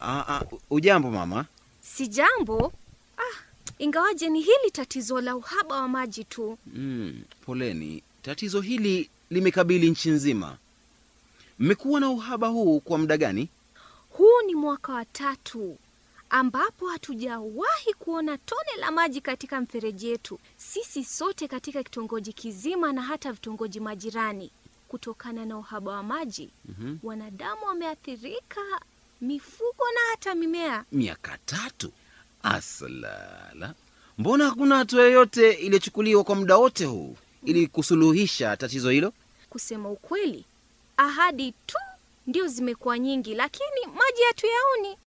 Aa, ah, ah, ujambo mama? Si jambo. Ah, ingawaje ni hili tatizo la uhaba wa maji tu. Mm, poleni. Tatizo hili limekabili nchi nzima. Mmekuwa na uhaba huu kwa muda gani? Huu ni mwaka wa tatu ambapo hatujawahi kuona tone la maji katika mfereji yetu, sisi sote katika kitongoji kizima na hata vitongoji majirani. Kutokana na uhaba wa maji mm -hmm. Wanadamu wameathirika mifugo na hata mimea. Miaka tatu aslala, mbona hakuna hatua yoyote iliyochukuliwa kwa muda wote huu ili kusuluhisha tatizo hilo? Kusema ukweli, ahadi tu ndio zimekuwa nyingi, lakini maji hatuyaoni.